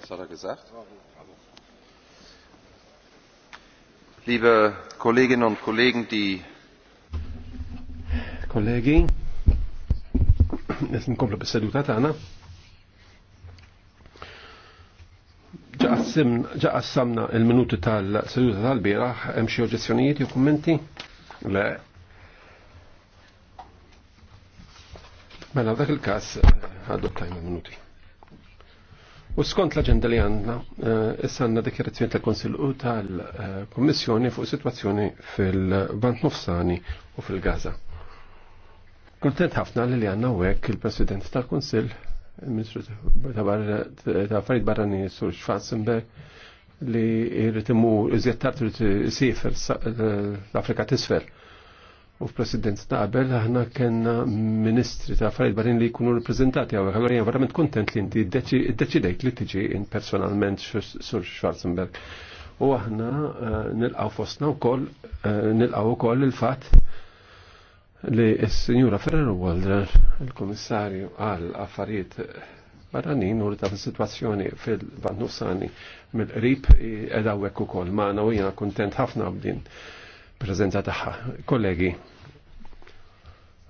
Was hat er gesagt? Liebe Kolleginnen und Kollegen, die Kollegi, nisim komplu bis-seduta tagħna. Ġaqassamna il-minuti tal-seduta tal-bieraħ, hemm xi oġġezzjonijiet jew kummenti? Le, Mela, dak il-kas għaddu eh, tajna minuti. U skont l-agenda li għandna, eh, għandna dikjerazzjoni tal-Konsil u tal-Kommissjoni fuq situazzjoni fil-Bant Nofsani u fil-Gaza. Kontent ħafna li li għanna għek il-President tal-Konsil, il-Ministru ta' Farid Barrani Sur Schwarzenberg, li jirritimu iżjattar sifer eh, l-Afrika t isfer U f'President qabel aħna kena ministri ta' affarijiet barin li jkunu rappreżentati għawek. Allora jien verament kontent li inti iddeċidejt li tiġi in personalment sur Schwarzenberg. U aħna eh, nilqaw fostna wkoll eh, nilqaw ukoll il-fatt li s-Sinjura Ferrero Walder, il-Komissarju għal affarijiet barranin u li ta' situazzjoni fil-Bannusani mill-qrib edawek ukoll ma' u jiena kontent ħafna b'din prezenza taħħa. kollegi.